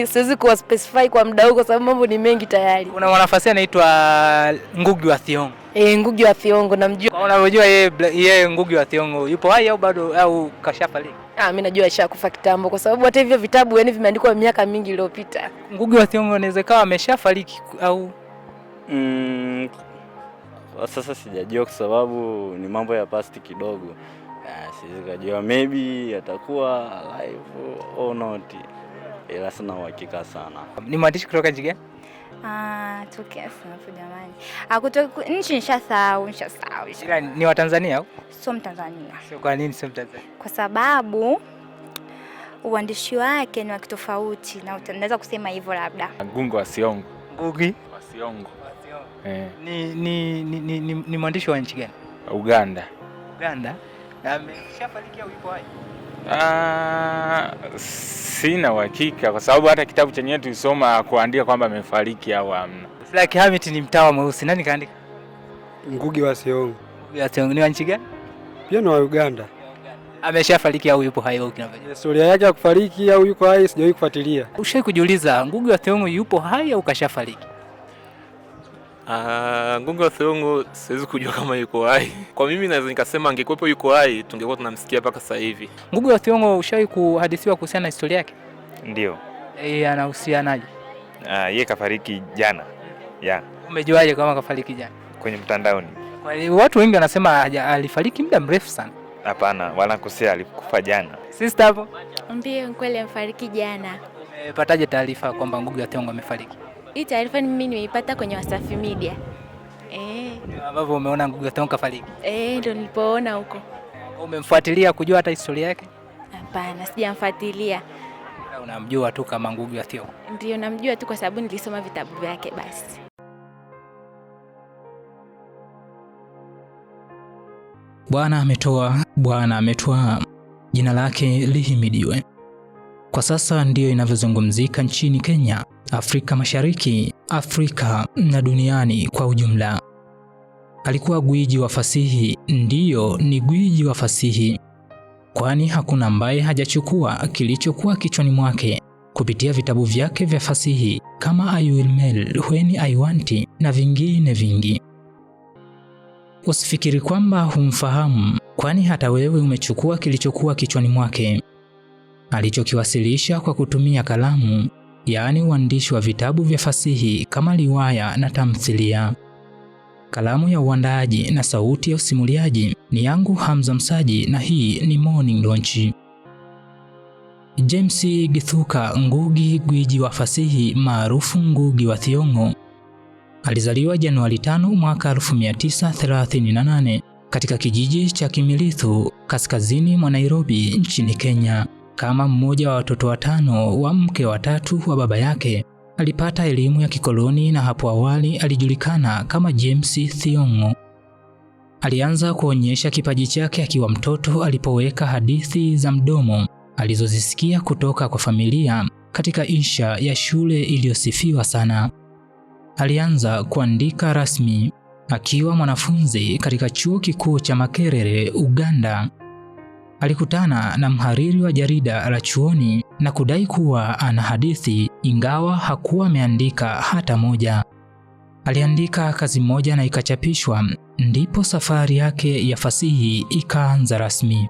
lakini siwezi kuwa specify kwa muda huu kwa sababu mambo ni mengi tayari. Kuna mwanafasi anaitwa Ngugi wa Thiong'o. Eh, Ngugi wa Thiong'o namjua. Kwa unavyojua yeye yeye Ngugi wa Thiong'o yupo hai au bado au kashafariki? Ah, mimi najua ashakufa kitambo kwa sababu hata hivyo vitabu yani vimeandikwa miaka mingi iliyopita. Ngugi wa Thiong'o anaweza kawa ameshafariki au mm, sasa sijajua kwa sababu ni mambo ya past kidogo. Ah, siwezi kujua maybe atakuwa alive or not ila sina uhakika sana. Ni mwandishi kutoka nchi gani? Ah, tokea sana jamani. Ah, kutoka nchi nishasahau, nishasahau. Ila ni wa Tanzania au? Sio Mtanzania. Sio kwa nini sio Mtanzania? Kwa sababu uandishi wake ni wa kitofauti na naweza kusema hivyo labda. Ngungu wa Siongo. Ngugi wa Siongo. Eh. Ni ni ni ni, ni, ni mwandishi wa nchi gani? Uganda. Uganda. Na ameshafariki au yupo hai? sina uhakika kwa sababu hata kitabu chenyewe tulisoma kuandika kwamba amefariki au hamna. Black Hermit ni mtawa mweusi. Nani kaandika? Ngugi wa Thiong'o. Ngugi wa Thiong'o ni wa nchi gani? Pia ni wa Uganda. Ameshafariki au yupo hai? Historia yake ya kufariki au yuko hai sijawahi kufuatilia. Ushawahi kujiuliza Ngugi wa Thiong'o yupo hai au kashafariki? Uh, Ngungu wa Thiong'o siwezi kujua kama yuko hai. Kwa mimi naweza nikasema angekuwepo yuko hai tungekuwa tunamsikia mpaka sasa hivi. Ngungu wa Thiong'o ushawahi kuhadithiwa kuhusiana na historia yake? Ndio. Eh, anahusianaje? Ah, yeye kafariki jana. Yeah. Umejuaje kama kafariki jana? Kwenye mtandaoni. Watu wengi wanasema alifariki muda mrefu sana. Hapana, wanakosea, alikufa jana. Sister hapo? Mbie, kweli amefariki jana. Umepataje taarifa kwamba Ngugi wa Thiong'o amefariki? Hii taarifa mimi nimeipata kwenye Wasafi Media eh, ambapo umeona Ngugi wa Thiongo kafariki eh, ndio nilipoona huko. Umemfuatilia kujua hata historia yake? Hapana, sijamfuatilia. Unamjua tu kama Ngugi wa Thiongo? Ndio, namjua tu kwa sababu nilisoma vitabu vyake basi. Bwana ametoa, Bwana ametoa, jina lake lihimidiwe. Kwa sasa ndiyo inavyozungumzika nchini Kenya, Afrika Mashariki, Afrika na duniani kwa ujumla. Alikuwa gwiji wa fasihi, ndiyo ni gwiji wa fasihi, kwani hakuna ambaye hajachukua kilichokuwa kichwani mwake kupitia vitabu vyake vya fasihi kama I Will Mail, When I Want na vingine vingi. Usifikiri kwamba humfahamu, kwani hata wewe umechukua kilichokuwa kichwani mwake alichokiwasilisha kwa kutumia kalamu, yaani uandishi wa vitabu vya fasihi kama riwaya na tamthilia. Kalamu ya uandaaji na sauti ya usimuliaji ni yangu Hamza Msaji, na hii ni Morning Launch. James Githuka Ngugi, gwiji wa fasihi maarufu Ngugi wa Thiong'o, alizaliwa Januari 5 mwaka 1938 katika kijiji cha Kimilithu kaskazini mwa Nairobi nchini Kenya. Kama mmoja wa watoto watano wa mke wa tatu wa baba yake, alipata elimu ya kikoloni na hapo awali alijulikana kama James Thiong'o. Alianza kuonyesha kipaji chake akiwa mtoto alipoweka hadithi za mdomo alizozisikia kutoka kwa familia katika insha ya shule iliyosifiwa sana. Alianza kuandika rasmi akiwa mwanafunzi katika chuo kikuu cha Makerere, Uganda alikutana na mhariri wa jarida la chuoni na kudai kuwa ana hadithi ingawa hakuwa ameandika hata moja. Aliandika kazi moja na ikachapishwa, ndipo safari yake ya fasihi ikaanza rasmi.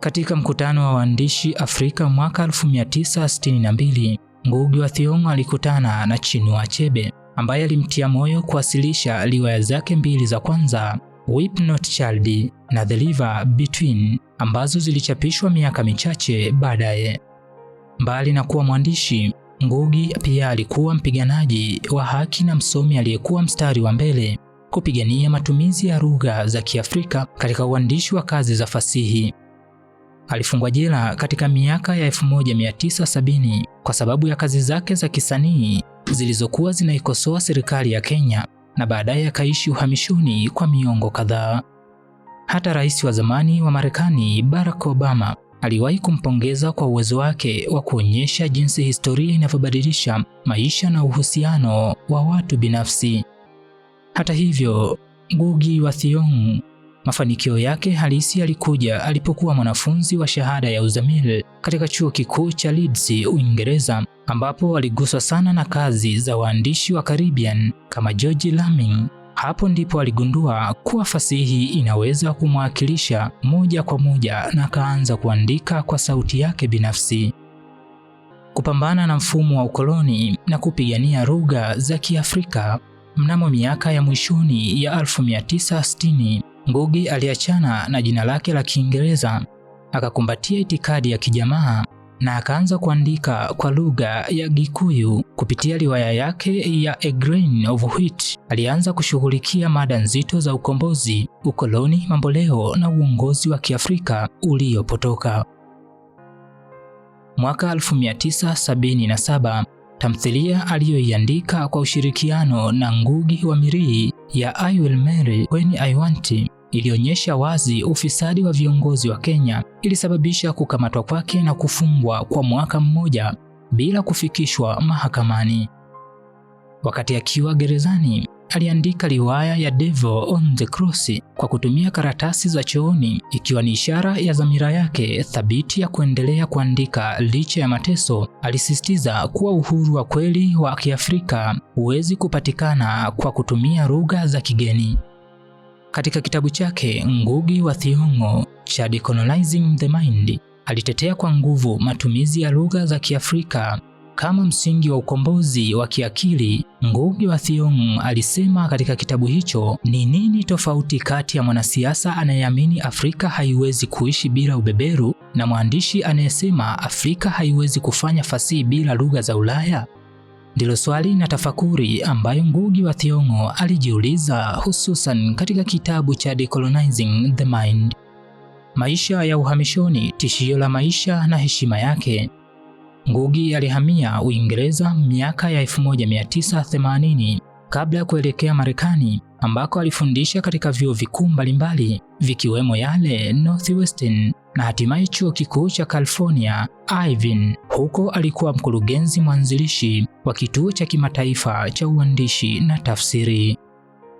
Katika mkutano wa waandishi Afrika mwaka 1962, Ngugi wa Thiong'o alikutana na Chinua Achebe ambaye alimtia moyo kuwasilisha riwaya zake mbili za kwanza, Weep Not Child na The River Between ambazo zilichapishwa miaka michache baadaye. Mbali na kuwa mwandishi, Ngugi pia alikuwa mpiganaji wa haki na msomi aliyekuwa mstari wa mbele kupigania matumizi ya lugha za Kiafrika katika uandishi wa kazi za fasihi. Alifungwa jela katika miaka ya 1970 kwa sababu ya kazi zake za kisanii zilizokuwa zinaikosoa serikali ya Kenya na baadaye akaishi uhamishoni kwa miongo kadhaa. Hata rais wa zamani wa Marekani Barack Obama aliwahi kumpongeza kwa uwezo wake wa kuonyesha jinsi historia inavyobadilisha maisha na uhusiano wa watu binafsi. Hata hivyo, Ngugi wa Thiong'o mafanikio yake halisi yalikuja alipokuwa mwanafunzi wa shahada ya uzamili katika chuo kikuu cha Leeds, Uingereza, ambapo aliguswa sana na kazi za waandishi wa Caribbean kama George Lamming hapo ndipo aligundua kuwa fasihi inaweza kumwakilisha moja kwa moja na akaanza kuandika kwa sauti yake binafsi. Kupambana na mfumo wa ukoloni na kupigania lugha za Kiafrika. Mnamo miaka ya mwishoni ya 1960, Ngugi aliachana na jina lake la Kiingereza akakumbatia itikadi ya kijamaa na akaanza kuandika kwa lugha ya Gikuyu kupitia riwaya yake ya A Grain of Wheat. Alianza kushughulikia mada nzito za ukombozi, ukoloni mamboleo na uongozi wa Kiafrika uliopotoka. Mwaka 1977 tamthilia aliyoiandika kwa ushirikiano na Ngugi wa Mirii ya I Will Marry When I Want ilionyesha wazi ufisadi wa viongozi wa Kenya, ilisababisha kukamatwa kwake na kufungwa kwa mwaka mmoja bila kufikishwa mahakamani. Wakati akiwa gerezani, aliandika riwaya ya Devil on the Cross kwa kutumia karatasi za chooni, ikiwa ni ishara ya dhamira yake thabiti ya kuendelea kuandika licha ya mateso. Alisisitiza kuwa uhuru wa kweli wa Kiafrika huwezi kupatikana kwa kutumia lugha za kigeni. Katika kitabu chake Ngugi wa Thiong'o cha Decolonizing the Mind, alitetea kwa nguvu matumizi ya lugha za Kiafrika kama msingi wa ukombozi wa kiakili. Ngugi wa Thiong'o alisema katika kitabu hicho, ni nini tofauti kati ya mwanasiasa anayeamini Afrika haiwezi kuishi bila ubeberu na mwandishi anayesema Afrika haiwezi kufanya fasihi bila lugha za Ulaya? Ndilo swali na tafakuri ambayo Ngugi wa Thiong'o alijiuliza hususan katika kitabu cha Decolonizing the Mind. Maisha ya uhamishoni, tishio la maisha na heshima yake. Ngugi alihamia Uingereza miaka ya 1980 kabla ya kuelekea Marekani ambako alifundisha katika vyuo vikuu mbalimbali vikiwemo yale Northwestern na hatimaye chuo kikuu cha California Irvine. Huko alikuwa mkurugenzi mwanzilishi wa kituo cha kimataifa cha uandishi na tafsiri.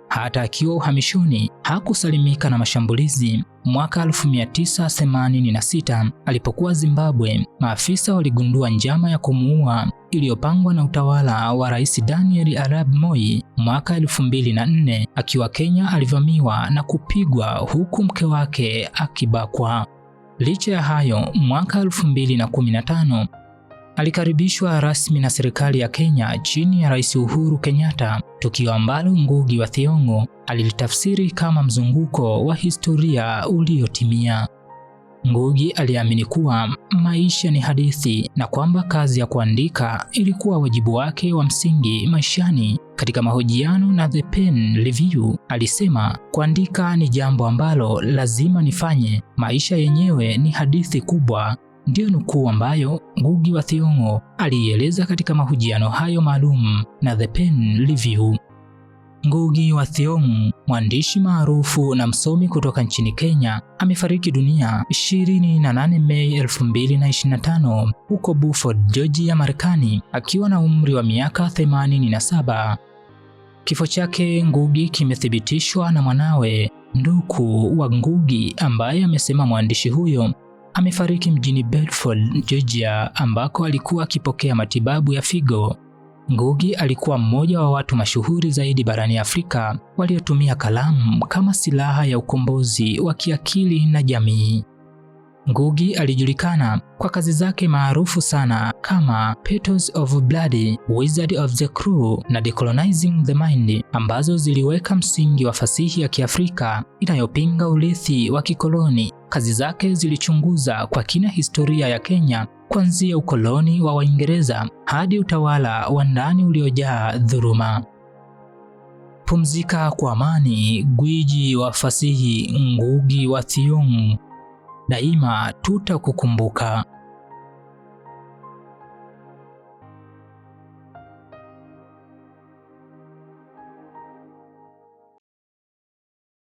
Hata akiwa uhamishoni hakusalimika na mashambulizi. Mwaka 1986 alipokuwa Zimbabwe, maafisa waligundua njama ya kumuua iliyopangwa na utawala wa Rais Daniel Arap Moi. Mwaka 2004 akiwa Kenya alivamiwa na kupigwa huku mke wake akibakwa. Licha ya hayo, mwaka 2015 alikaribishwa rasmi na serikali ya Kenya chini ya Rais Uhuru Kenyatta, tukio ambalo Ngugi wa Thiong'o alilitafsiri kama mzunguko wa historia uliotimia. Ngugi aliamini kuwa maisha ni hadithi na kwamba kazi ya kuandika ilikuwa wajibu wake wa msingi maishani. Katika mahojiano na The Pen Review alisema, kuandika ni jambo ambalo lazima nifanye, maisha yenyewe ni hadithi kubwa. Ndiyo nukuu ambayo Ngugi wa Thiong'o aliieleza katika mahojiano hayo maalum na The Pen Review. Ngugi wa Thiong'o, mwandishi maarufu na msomi kutoka nchini Kenya, amefariki dunia 28 Mei 2025 huko buford Georgia, Marekani akiwa na umri wa miaka 87. Kifo chake Ngugi kimethibitishwa na mwanawe, nduku wa Ngugi, ambaye amesema mwandishi huyo amefariki mjini Bedford, Georgia ambako alikuwa akipokea matibabu ya figo. Ngugi alikuwa mmoja wa watu mashuhuri zaidi barani Afrika waliotumia kalamu kama silaha ya ukombozi wa kiakili na jamii. Ngugi alijulikana kwa kazi zake maarufu sana kama Petals of Blood, Wizard of the Crow na Decolonizing the Mind ambazo ziliweka msingi wa fasihi ya Kiafrika inayopinga urithi wa kikoloni. Kazi zake zilichunguza kwa kina historia ya Kenya kuanzia ukoloni wa Waingereza hadi utawala wa ndani uliojaa dhuruma Pumzika kwa amani, gwiji wa fasihi Ngugi wa Thiong'o, daima tutakukumbuka.